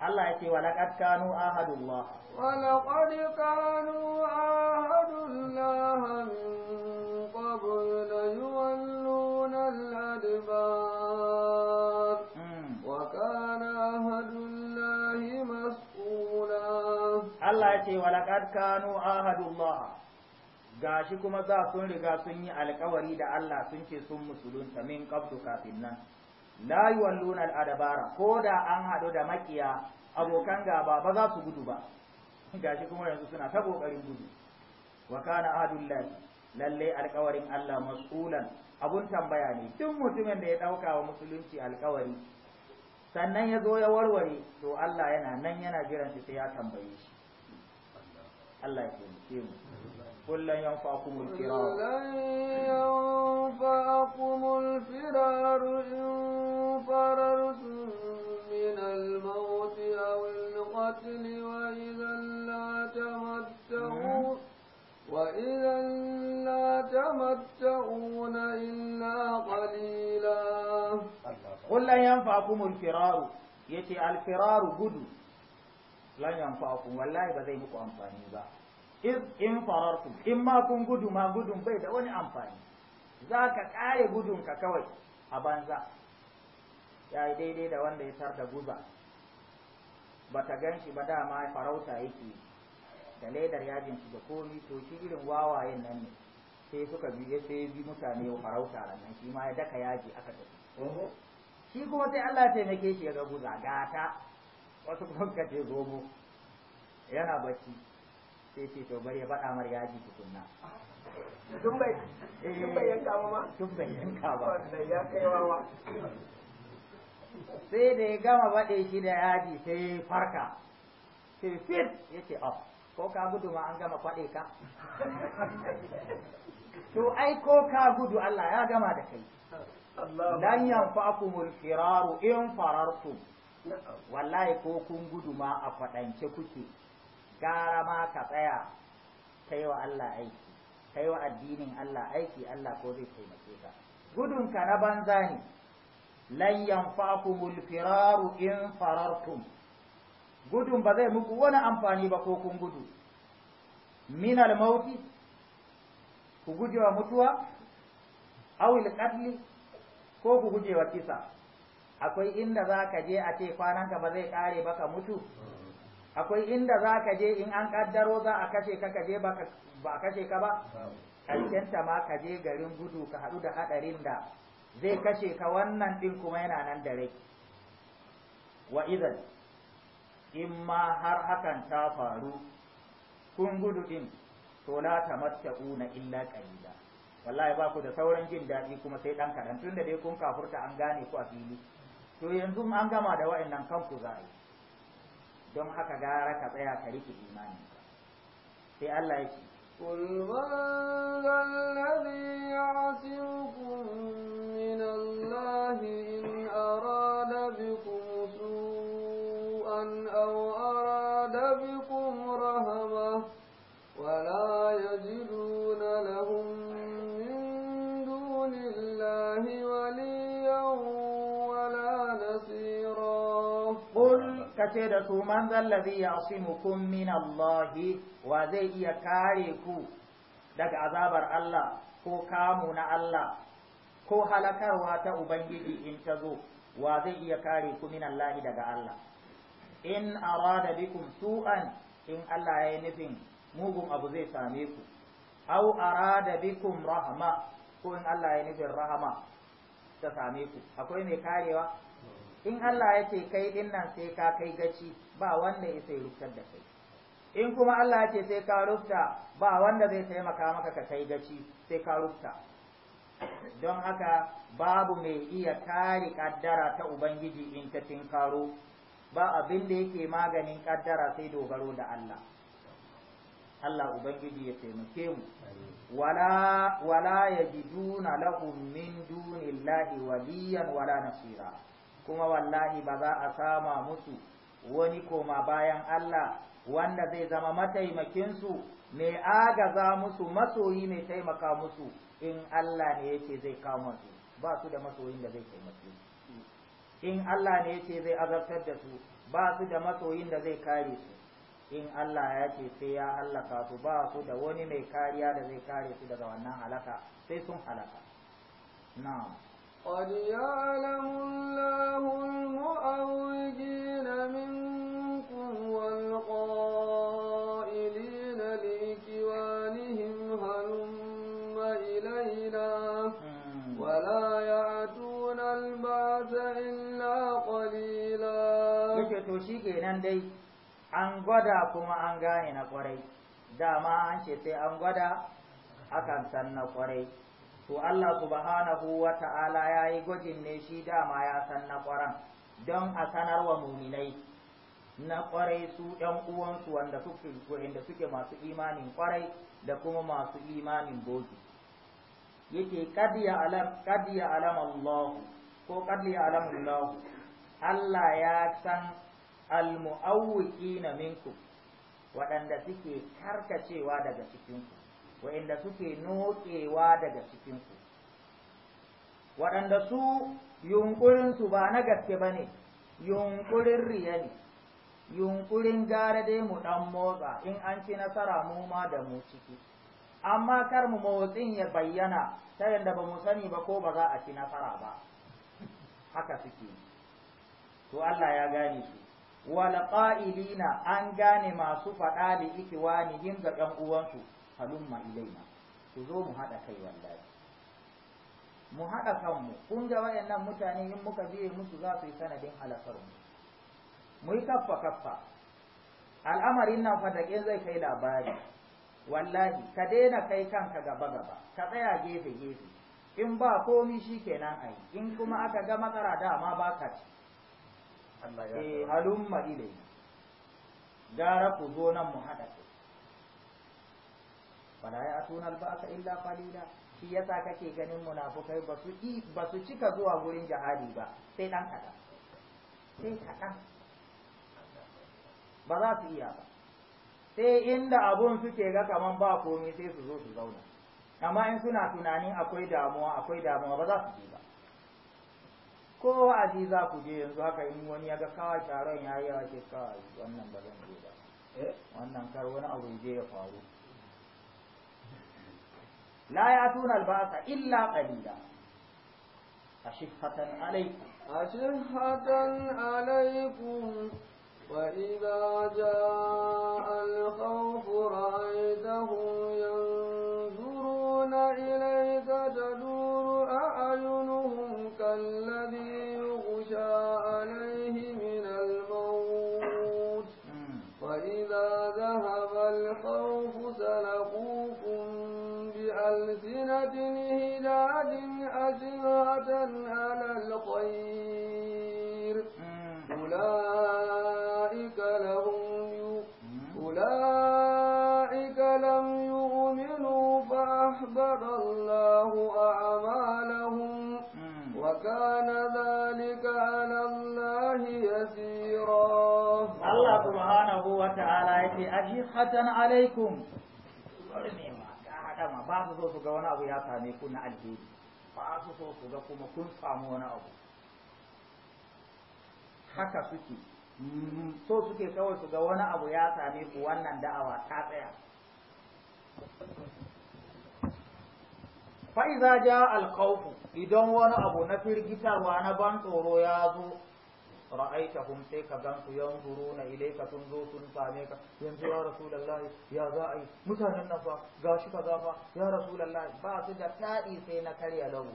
Allah ya ce wa laqad kanu ahadullah wa laqad kanu ahadullah min qabl ya ce walaƙad kanu ahadullah gashi kuma za sun riga sun yi alƙawari da Allah sun ce sun musulunta min qabdu kafin nan la yuwalluna dabara. ko da an haɗu da makiya abokan gaba ba za su gudu ba gashi kuma yanzu suna ta kokarin gudu wa kana ahadullah lalle alƙawarin Allah mas'ulan abun tambaya ne duk mutumin da ya dauka wa musulunci alƙawari. sannan ya zo ya warware to Allah yana nan yana jiran sai ya tambaye shi Allah ya taimake mu kullun yan firar yanfa'ukumul firar in farartum min al-maut aw al-qatl wa idan la tamatta'un وإذا لا تمتعون إلا قليلا قل لا ينفعكم الفرار al الفرار gudu. lan yanfa'ukum wallahi ba zai muku amfani ba in farartum in ma kun gudu ma gudun bai da wani amfani za ka kare gudunka kawai a banza ya yi daidai da wanda ya tar guza ba ta gan shi ba dama farauta yake da ledar yajin shi da komi to shi irin wawayen nan ne sai suka bi ya sai bi mutane ya farauta nan shi ma ya daka yaji aka tafi shi kuma sai Allah ya taimake shi ya ga guza gata wasu kuka ce zomo yana bacci sai ce to bari ya faɗa mar yaji tukunna tun bai yanka ba ma tun bai yanka ba ya kai wawa sai da ya gama baɗe shi da yaji sai farka sai fit ya ce af oh, ko ka gudu ma an gama faɗe ka to ai ko ka gudu Allah ya gama da kai lan yanfa'akumul firaru in farartum wallahi ko kun gudu ma a faɗance kuke gara ma ka tsaya Ta yi wa Allah aiki ka yi wa addinin Allah aiki Allah ko zai taimake ka gudunka na banza ne lan yanfa'akumul firaru in farartum gudun ba zai muku wani amfani ba ko kun gudu minal mauti ku gujewa mutuwa awil qatl ko ku gujewa kisa akwai inda za ka je a ce kwananka ba zai kare ba ka mutu akwai inda za ka je in an kaddaro za a kashe ka ka je ba a kashe ka ba ta ma ka je garin gudu ka haɗu da haɗarin da zai kashe ka wannan ɗin kuma yana nan da rai wa idan in ma har hakan ta faru kun gudu ɗin to la na illa qalila wallahi ba ku da sauran jin daɗi kuma sai ɗan kaɗan tun da dai kun kafurta an gane ku a fili to yanzu an gama da wa'annan kanku za yi don haka gara ka tsaya ka rike imani sai Allah ya ce قل من ذا الذي يعصمكم من الله إن أراد بكم سوءا أو أراد بكم رهبة ولا kace da su man zallazi ya'simukum min Allah wa zai iya kare ku daga azabar Allah ko kamu na Allah ko halakarwa ta ubangiji in ta zo wa zai iya kare ku min daga Allah in arada bikum su'an in Allah ya nufin mugun abu zai same ku aw arada bikum rahma ko in Allah ya nufin rahama ta same ku akwai mai karewa in Allah ya ce kai din nan sai ka kai gaci ba wanda ya sai rufsar da kai in kuma Allah ya ce sai ka rufta ba wanda zai taimaka maka ka kai gaci sai ka rufta don haka babu mai iya kare kaddara ta ubangiji in ta tinkaro ba abin da yake maganin kaddara sai dogaro da Allah Allah Ubangiji ya taimake mu wala wala duna lahum min dunillahi waliyan wala nasira kuma wallahi ba za a sama musu wani koma bayan Allah wanda zai zama mataimakinsu mai agaza musu masoyi mai taimaka musu in Allah ne yake zai kama su ba su da masoyin da zai taimake su in Allah ne yake zai azabtar da su ba su da masoyin da zai kare su in Allah ya ce sai ya ka su ba su da wani mai kariya da zai kare su daga wannan halaka sai sun halaka na'am قد يعلم الله المعوجين منكم والقائلين لإكوانهم هلم إلينا ولا البعث إلا قليلا dai an gwada kuma an gane na kwarai dama an ce sai an gwada akan san na kwarai to Allah subhanahu wa ta'ala ya yi gwajin ne shi dama ya san na ƙwaran don a sanarwa muminai na ƙwarai su ‘yan uwansu wanda suke wanda suke masu imanin ƙwarai da kuma masu imanin bogi yake kad alam Allah ko kad ya alam Allah Allah ya san al-mu'awwiqina minkum waɗanda suke karkacewa daga cikinku wa'inda suke nokewa daga cikinku waɗanda su yunƙurinsu ba na gaske ba ne yunƙurin riya ne yunƙurin gara dai mu ɗan motsa in an ci nasara mu ma da mu ciki amma kar mu motsin ya bayyana ta yadda ba mu sani ba ko ba za a ci nasara ba haka suke to Allah ya gane su wal qa'ilina an gane masu faɗa da ikiwani ga ɗan uwansu halumma ilaina ku zo mu haɗa kai wallahi mu haɗa kanmu kun ga wayannan mutane in muka biye musu za su yi sanadin halakar mu mu yi kaffa kaffa al'amarin nan fadaƙe zai kai labari wallahi ka daina kai kanka gaba gaba ka tsaya gefe gefe in ba komi shi kenan ai in kuma aka ga matsara dama ba ka ci halumma eh, ilai gara ku zo nan mu haɗa kai wala ya atuna alba'sa illa qalila shi yasa kake ganin munafikai basu yi ba su cika zuwa gurin jihadi ba sai dan kada sai kadan ba za su iya ba sai inda abun suke ga kaman ba komai sai su zo su zauna amma in suna tunanin akwai damuwa akwai damuwa ba za su je ba ko aziza ku je yanzu haka in wani ya ga kawa taron ya yi yawa kawa kawai wannan ba zan je ba eh? wannan kar wani abu je ya faru لا يأتون الباس إلا قليلا أشفة عليكم أشفة عليكم وإذا جاء الخوف رأيتهم ينظرون إليك تدور أعينهم كلا هلال أزهد على الخير أولئك لهم أولئك لم يؤمنوا فأحبط الله أعمالهم وكان ذلك على الله يسيرا الله سبحانه وتعالى يتي أجيخة عليكم takama ba su so su ga wani abu ya same ku na alheri ba su so su ga kuma kun samu wani abu haka suke mm, so suke kawai su ga wani abu ya same ku wannan da'awa ta tsaya fa'iza ja alkhawfu idan wani abu na firgitarwa na ban tsoro ya zo ra'aitahum sai ka gan su ile ka sun zo sun same ka yanzu ya rasulullahi ya za a yi mutanen nan fa gashi ka fa ya rasulullahi ba su da tadi sai na karya lagu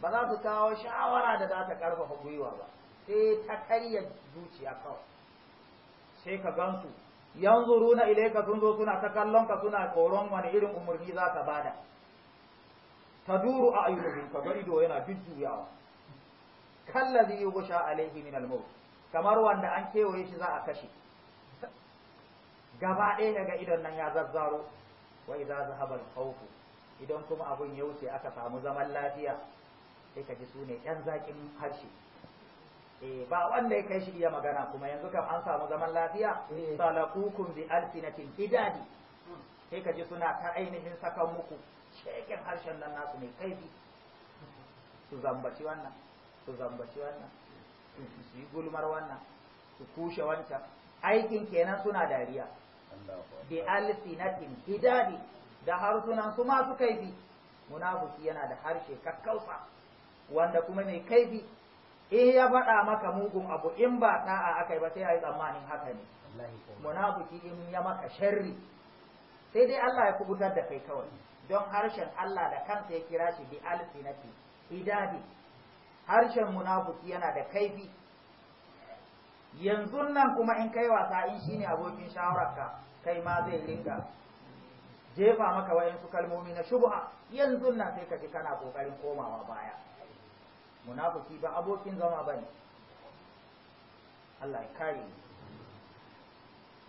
ba za su kawo shawara da za ta karfafa gwiwa ba sai ta karya zuciya kawai sai ka na ile, ka sun zo suna ta kallon ka suna koron wani irin umarni za ka bada duru a ayyukan ka bari do yana jujjuyawa kallazi yughsha alaihi min al-maut kamar wanda an kewaye shi za a kashe gaba ɗaya daga idon nan ya zazzaro wa idza zahaba al idan kuma abun ya wuce aka samu zaman lafiya sai ka ji su ne ƴan zakin harshe eh ba wanda ya kai shi iya magana kuma yanzu kam an samu zaman lafiya eh. salakukum bi alsinatin idadi sai ka ji suna ta ainihin sakan muku shekin harshen nan nasu ne kaifi su zambaci wannan su zambaci wannan su yi gulmar wannan su kushe wancan aikin kenan suna dariya bi alsinatin hidabi da harsunan su masu kaifi munafiki yana da harshe kakkausa wanda kuma mai kaifi in ya faɗa maka mugun abu in ba ta'a akai ba sai a yi tsammanin haka ne Munafuki in ya maka sharri sai dai Allah ya kubutar da kai kawai don harshen Allah da kansa ya kira shi bi alsinati hidabi harshen munafiki yana da kaifi yanzu nan kuma in kai wasa in shine abokin shawararka kai ma zai ringa jefa maka wayansu kalmomi na shubha yanzu nan sai ka ji kana kokarin komawa baya munafiki ba abokin zama bane Allah ya kare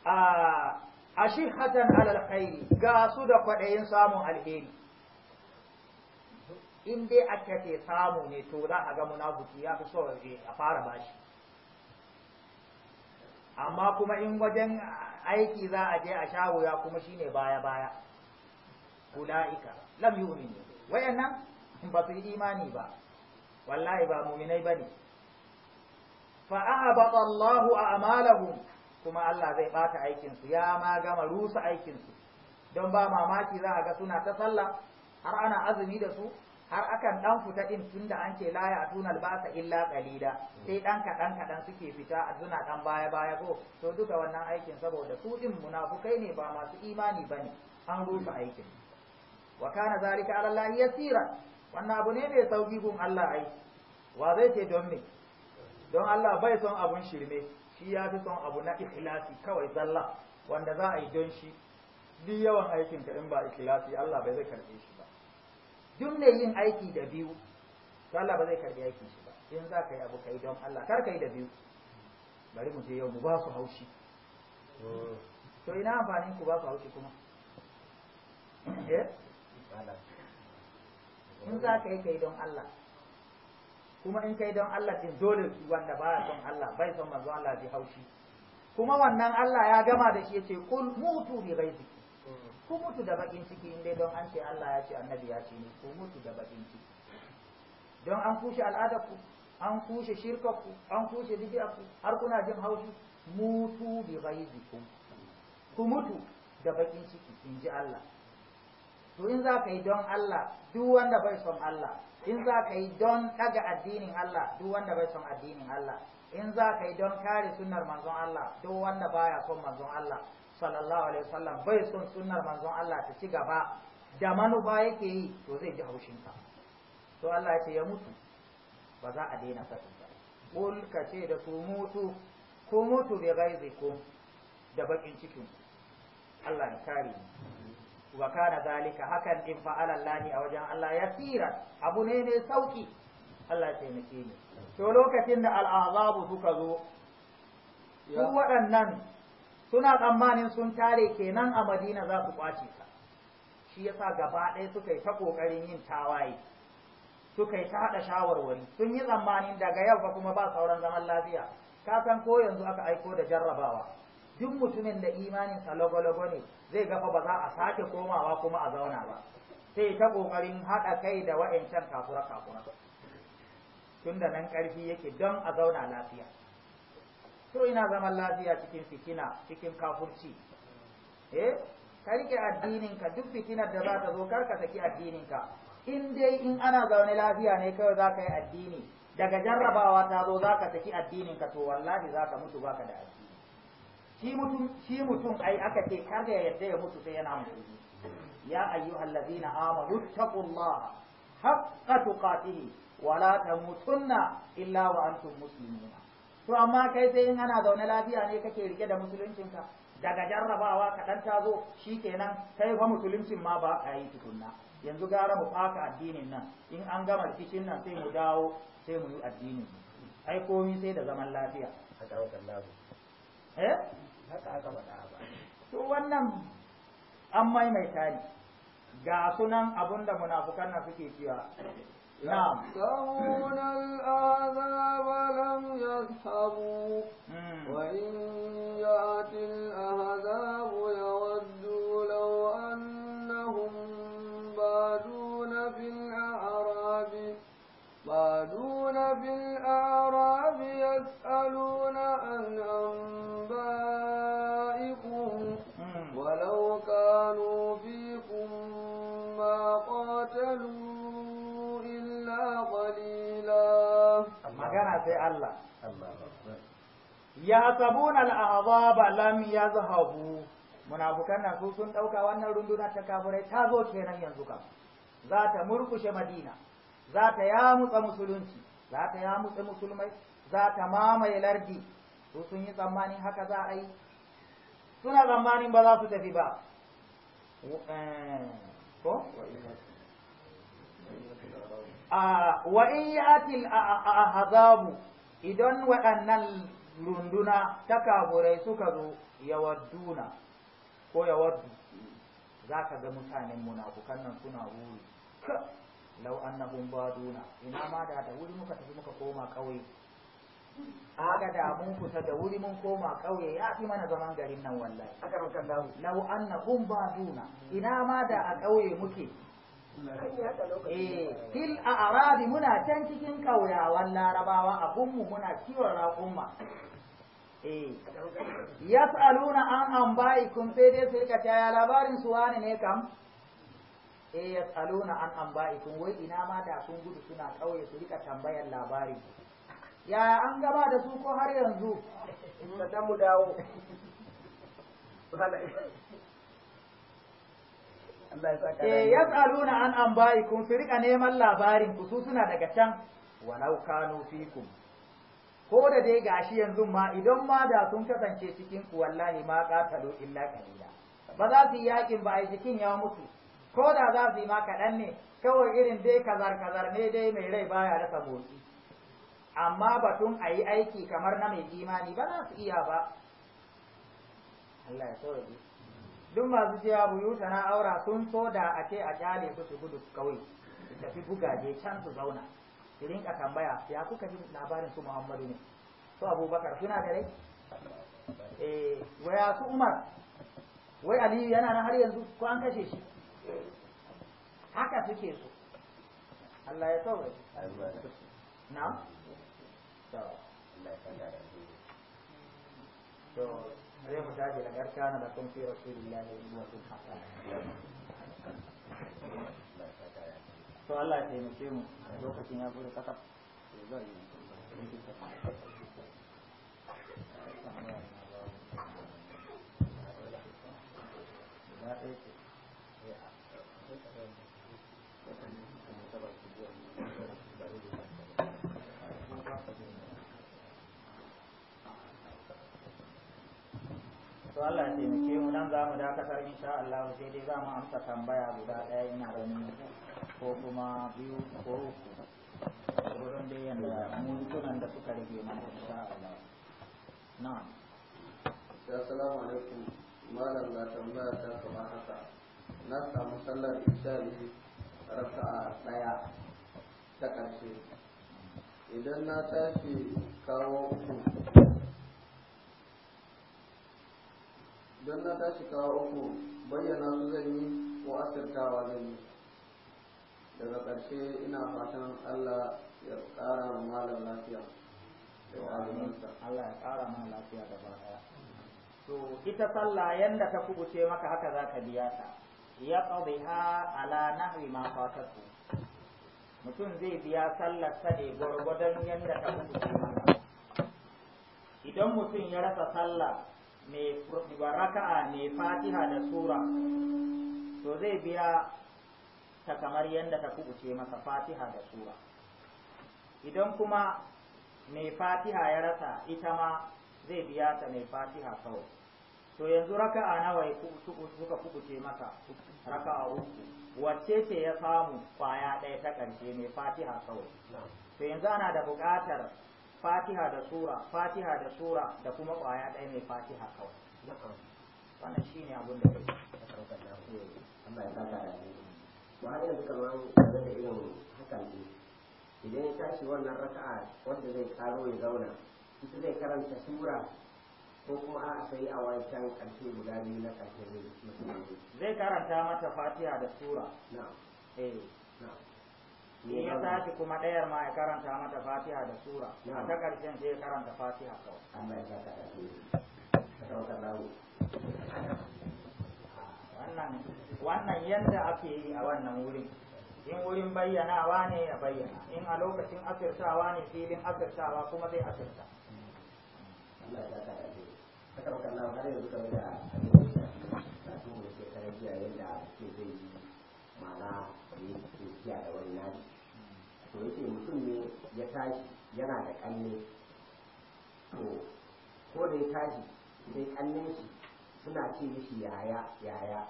a ah, ashihatan alal khairi ga su da kwaɗayin samun alheri in dai a samu ne to za a ga munafuki, ya fi waje a fara bashi amma kuma in wajen aiki za a je a shawo ya kuma shine baya baya ulaika lam yu'minu wayannan ba su yi imani ba wallahi ba mu'minai bane fa ahbata Allahu a'malahum kuma Allah zai bata aikinsu. ya ma gama rusa aikinsu. don ba mamaki za a ga suna ta sallah har ana azumi da su har akan dan fita din tunda an ce la ya tunal basa illa qalila sai dan kadan kadan suke fita a zuna dan baya baya ko to duka wannan aikin saboda su din munafukai ne ba masu imani bane an rufe aikin wa kana zalika ala Allah yasira wannan abu ne mai sauki gun Allah ai wa zai ce don me don Allah bai son abun shirme shi ya fi son abu na ikhlasi kawai zalla wanda za a yi don shi duk yawan aikin ka in ba ikhlasi Allah bai zai karbe shi duk mai yin aiki da biyu to Allah ba zai karbi aikin shi ba in za ka yi abu kai don Allah kar ka yi da biyu bari mu je yau mu ba su haushi to ina amfanin ku ba su haushi kuma eh in za ka yi kai don Allah kuma in kai don Allah din dole wanda baya son Allah bai son manzo Allah bi haushi kuma wannan Allah ya gama da shi yace kul mutu bi ghaizi ku mutu da bakin ciki inda don an ce Allah ya ce annabi ya ce ne ku mutu da bakin ciki don an kushe al'adarku an kushe shirkarku an kushe bid'arku har kuna jin haushi mutu bi ghaizikum ku mutu da bakin ciki in ji Allah to in za ka yi don Allah duk wanda bai son Allah in za ka yi don daga addinin Allah duk wanda bai son addinin Allah in za ka yi don kare sunnar manzon Allah duk wanda baya son manzon Allah sallallahu alaihi wasallam bai son sunnar manzon Allah ta ci gaba da manuba yake yi to zai ji haushin ka to Allah ya ya mutu ba za a daina faɗin ba kul ka ce da ku mutu ku mutu bi ghaizikum da bakin cikin Allah ya kare ni wa kana zalika hakan in fa'ala lani a wajen Allah yasira abu ne ne sauki Allah ya taimake ni to lokacin da al'azabu suka zo su waɗannan suna tsammanin sun tare kenan a madina za su kwace ta shi ya sa gaba ɗaya suka yi ta ƙoƙarin yin tawaye suka yi ta haɗa shawarwari sun yi tsammanin daga yau ba kuma ba sauran zaman lafiya ka san ko yanzu aka aiko da jarrabawa duk mutumin da imanin sa lagwalagwa ne zai gafa ba za a sake komawa kuma a zauna ba sai ta ƙoƙarin haɗa kai da wa'ancan kafura kafura tunda nan ƙarfi yake don a zauna lafiya so ina zaman lafiya cikin fitina cikin kafurci eh ka rike addininka duk fitinar da za ta zo kar ka saki addininka in dai in ana zaune lafiya ne kawai za ka yi addini daga jarrabawa ta zo za ka saki addininka to wallahi za ka mutu baka da addini shi mutum shi mutum ai aka ce kada ya yarda ya mutu sai yana mutu. ya ayyuhal ladina amanu taqullaha haqqa tuqatihi wa la tamutunna illa wa antum muslimuna to amma kai sai in ana zaune lafiya ne kake rike da musuluncinka daga jarrabawa kaɗan ta zo shi kenan kai fa musuluncin ma ba ka yi tukunna yanzu gara mu faka addinin nan in an gama rikicin nan sai mu dawo sai mu yi addinin ai komi sai da zaman lafiya dawo haka eh haka aka faɗa ba to wannan an maimaita ne ga sunan abunda munafukan nan suke cewa نعم. يحسبون الأعذاب لم يذهبوا وإن يأتي الأعذاب يودوا لو أنهم بادون في الأعراب بادون في الأعراب يسألون عن أنبائكم ولو كانوا فيكم ما قاتلوا magana sai Allah ya sabuna al'azaba lam zahabu. munafukan nan su sun dauka wannan runduna ta kafirai ta zo kenan yanzu kam za ta murkushe madina za ta yamutsa musulunci za ta yamutsa musulmai za ta mamaye lardi su sun yi tsammanin haka za a yi suna tsammanin ba za su tafi ba eh, ko Ah, wa in a azabu idan waɗannan runduna ta kaburai suka zo yawadduna ko yawaddu Za ka ga mutanen munafukan nan suna wuri ka lau ba duna, ina ma da da wuri muka tafi muka koma kauye aga da mun fita da wuri mun koma ƙauye, ya fi mana zaman garin nan wallahi aka na dawo lau duna, ina ma da a ƙauye muke Eh, fil a arabi muna can cikin ƙauyawan larabawa a gunmu muna kiwon raƙumma eh, ya tsaluna an an bayi kun sai dai su rika ya labarin su wani ne kam eh ya tsaluna an an bayi kun wai ina ma da sun gudu suna ƙauye su rika tambayar labarin ya an gaba da su ko har yanzu da mu dawo eh yas'aluna an anba'ikum su rika neman labarin ku su suna daga can walau kanu fikum ko da dai gashi yanzu ma idan ma da sun kasance cikin ku wallahi ma qatalu illa qalila ba za su yi yakin ba ai cikin ya mutu ko da za su yi ma kaɗan ne kawai irin dai kazar kazar ne dai mai rai baya rasa motsi amma batun a yi aiki kamar na mai imani ba za su iya ba Allah ya duk masu cewa buyuta na aura sun so da a ce a kyale su su gudu kauye su tafi buga je can su zauna su rinka tambaya ya kuka ji labarin su muhammadu ne su abubakar suna da rai eh, waya su umar wai aliyu yana na har yanzu ko an kashe shi haka suke su Allah ya sauwa na? to sai mu tashi da garkana da kun fi rasulullahi sallallahu alaihi Allah ya taimake mu lokacin ya gure kasa Allah ya taimake mu dan za mu dakatar insha Allah sai dai za mu amsa tambaya guda ɗaya ina ganin ko kuma biyu ko uku wurin da yanda mutunan da suka rage mu insha Allah na'am assalamu alaikum malam na tambaya ta kuma haka na samu sallar insha Allah raka'a ɗaya ta ƙarshe idan na tashi kawo uku don na tashi kawo uku bayyana su zan yi ko asirtawa zan yi daga ƙarshe ina fatan allah ya ƙara wa malam lafiya da wa'azuminsa allah ya ƙara mana lafiya da baya to ita sallah yanda ta kubuce maka haka za ka biya ta ya ha ala nahwi ma fatatu mutum zai biya sallar sa ne gwargwadon yanda ta kubuce maka idan mutum ya rasa sallah mai raka'a mai fatiha da sura to zai biya ta kamar yadda ta kubuce masa fatiha da sura idan kuma mai fatiha ya rasa ita ma zai biya ta mai fatiha kawai to yanzu raka'a nawa suka kubuce masa raka'a uku wacce ce ya samu kwaya ɗaya ta ƙarshe mai fatiha kawai to yanzu ana da buƙatar fatiha da sura fatiha da sura da kuma kwaya ɗaya mai fatiha kawai wannan shi ne abin da kai ya da da ba a yanzu zai irin ne idan ya tashi wannan raka'a wanda zai karo ya zauna ita zai karanta sura ko kuma a sai a wancan ƙarshe guda biyu na karshe zai karanta mata fatiha da sura na'am eh na'am sai ya kuma ɗayar ma ya karanta mata fatiha da sura a ta ƙarshen karanta fatiha kawai wannan yadda ake yi a wannan wurin in wurin bayyanawa ne ya bayyana in a lokacin asirtawa ne filin asirtawa kuma zai asirta yi mana da da wani to yace mutum ne ya tashi yana da kanne to ko da ya tashi sai kannen shi suna ce mishi yaya yaya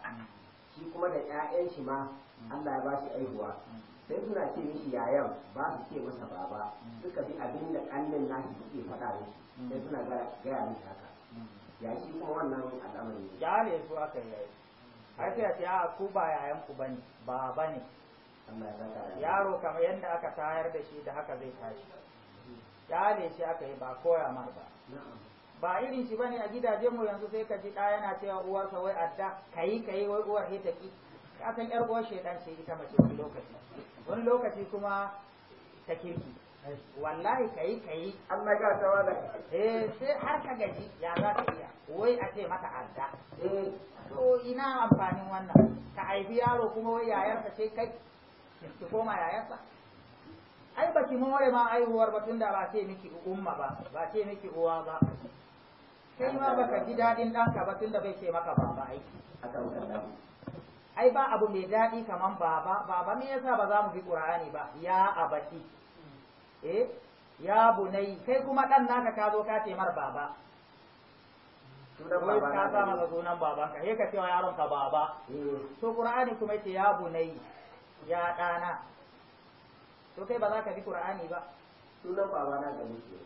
shi kuma da 'ya'yan shi ma Allah ya ba shi aihuwa sai suna ce mishi yayan ba su ce masa baba suka bi abin da kannin nashi suke faɗa mishi sai suna gaya mishi haka ya shi kuma wannan al'amari ya ne su aka yi ai sai a ce a ku ba yayan ku bane ba ne? yaro kamar yadda aka tayar da shi da haka zai tashi kyale shi aka yi ba koya mar ba ba irin shi bane a gidaje mu yanzu sai ka ji ɗa yana cewa ka wai adda kayi kayi wai uwar hita ki. ka san yar uwar shedan ce ita mace wani lokaci wani lokaci kuma ta kirki wallahi kayi kayi an na ga ta wala eh sai har ka gaji ya za ka iya wai a ce mata adda eh to ina amfanin wannan ka aibi yaro kuma wai yayarsa ce kai Su koma yasa? ai baki more ma aihuwar ba tunda ba ce miki umma ba ba ce miki uwa ba kai ma baka ji daɗin ɗanka ba tunda bai ce maka baba ai ai ba abu mai daɗi kaman baba baba me yasa ba za mu bi qur'ani ba ya abati eh ya bunai kai kuma ɗan naka ka zo ka ce mar baba wai ka sa masa sunan babanka sai ka ce wa yaron ka baba eh. to qur'ani kuma ce ya bunai ya ɗana to kai ba za ka bi ƙur'ani ba sunan baba na gare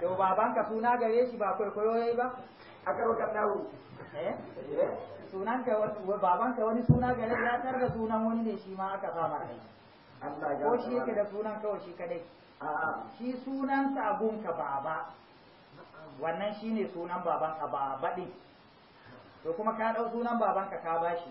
to baban ka suna gare shi ba kwaikwayo yayi ba a karo kan nawo eh sunan ka baban ka wani suna gare ya tar da sunan wani ne shi ma aka fama kai ko shi yake da sunan kawai shi kadai shi sunan sa abun ka baba wannan shine sunan baban ka baba din to kuma ka dau sunan baban ka ka bashi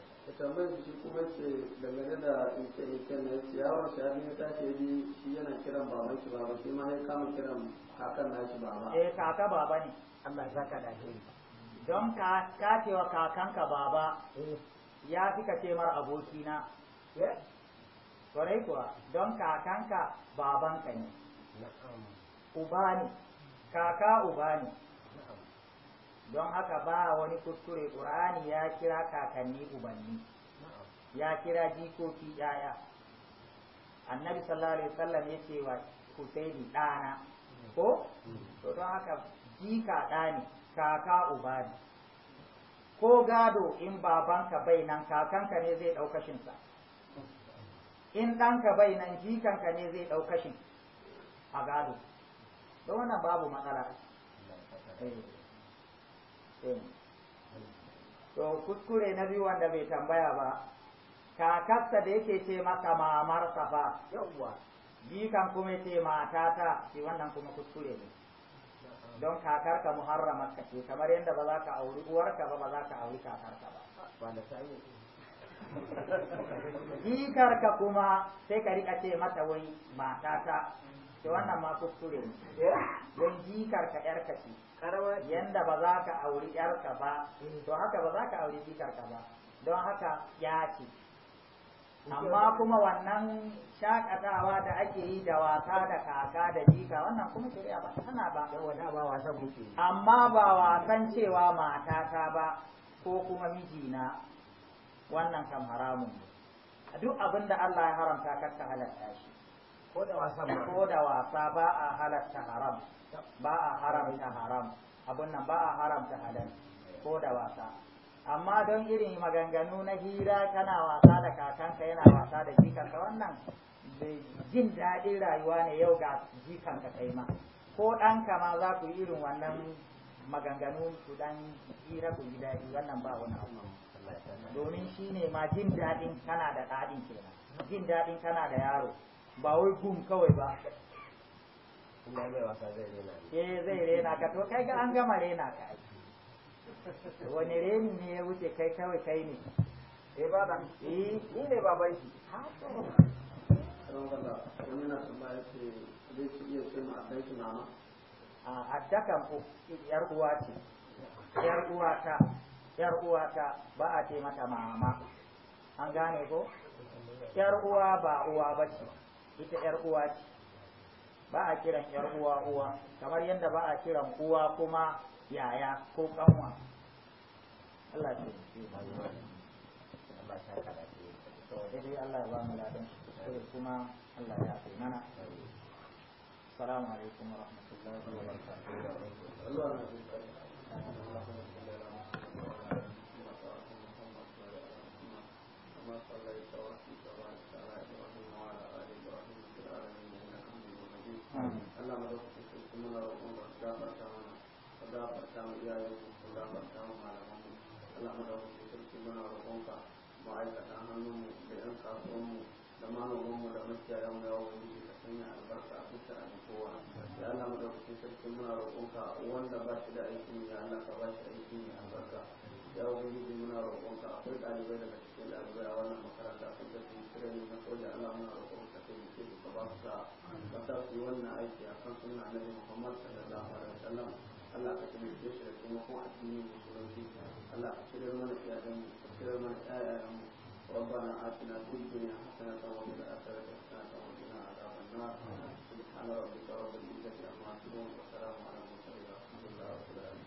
tambayar shi kuma ce dangane da inke inke na yace yawon shi abin ta ce bi shi yana kiran baban shi baba shi ma ya kama kiran kakan na shi baba eh kaka baba ne Allah ya saka da shi don ka ka wa kakanka baba ya fi ka ce mar aboki na eh? kwarai kuwa don kakanka babanka ne uba ne kaka uba ne don haka ba wani kuskure ƙur'ani ya kira kakanni ubanni ya kira jikoki yaya annabi sallallahu alaihi wasallam ya ce wa husaini ɗana ko to don haka jika ɗa ne kaka uba ne ko gado in babanka bai nan kakanka ne zai ɗaukashinsa in ɗanka bai nan jikanka ne zai ɗaukashin a gado don wannan babu matsala eh. to kuskure na biyu wanda bai tambaya ba kakarsa da yake ce masa mamarsa ba yawwa jikan kuma ce ta shi wannan kuma kuskure ne don kakarka muharramar ka ce kamar yadda ba za ka auri uwarka ba ba za ka auri kakarka ba jikarka kuma sai ka rika ce mata wai matata shi wannan ma kuskure ne don jikarka yarka ce yanda ba za ka auri yarka ba to haka ba za ka auri jikarka ba don haka ya ce amma kuma wannan shakatawa da ake yi da wasa da kaka da jika wannan kuma shari'a ba tana ba ba wasan muke amma ba wasan cewa mata ta ba ko kuma mijina wannan kan haramun duk abin da Allah ya haramta kar ka halatta shi ko da wasa ba a halatta haram ba a haramta haram abun nan ba a haramta halal ko da wasa amma don irin maganganu na hira kana wasa da kakanka yana wasa da jikanka wannan jin daɗin rayuwa ne yau ga jikanka kai ma ko ɗanka ma za ku yi irin wannan maganganu su ɗan hira ku ji daɗi wannan ba wani abu domin shi ne ma jin daɗin kana da ɗaɗin kenan jin daɗin kana da yaro ba wai gum kawai ba ina mai wasa zai rena eh zai rena ka to kai ga an gama rena ka wani reni ne ya wuce kai kawai kai ne eh ba da eh ni ne baban shi ha to wani na tambaya ce zai ci iya ce ma addai shi mama a addakan ku yar uwa ce yar uwa ta yar uwa ta ba a ce mata mama an gane ko yar uwa ba uwa ba ce ita ‘yar uwa ce, ba a kiran ‘yar uwa uwa, kamar yadda ba a kiran uwa kuma yaya ko kanwa. Allah ce, Allah ta kada ce, to dai Allah ya ba mu ladan shi kuma Allah ya fi mana. Assalamu alaikum wa rahmatullahi wa barakatuh. gafarta mu iyaye ka gafarta mu mu Allah ma'aikatan hannun mu da yan kasuwan mu da malaman mu da makiyayan mu yawon mu sanya albarka a dukkan alƙowa ya wanda ba shi da aikin ya Allah ka ba shi ya albarka muna roƙonka ɗalibai daga cikin ɗalibai a wannan makaranta sun da su na soja Allah muna roƙonka ka yi ke ka ba wannan aiki a kan annabi Muhammad sallallahu Allah ka tabbata da shi kuma kuma addini da sauransu Allah ka tabbata mana ya dan tabbata mana ayaya mu rabbana atina fid dunya hasanata wa fil akhirati hasanata wa qina adhaban nar subhana rabbika rabbil izzati amma yasifun wa salamun ala mursalin alhamdulillahi rabbil alamin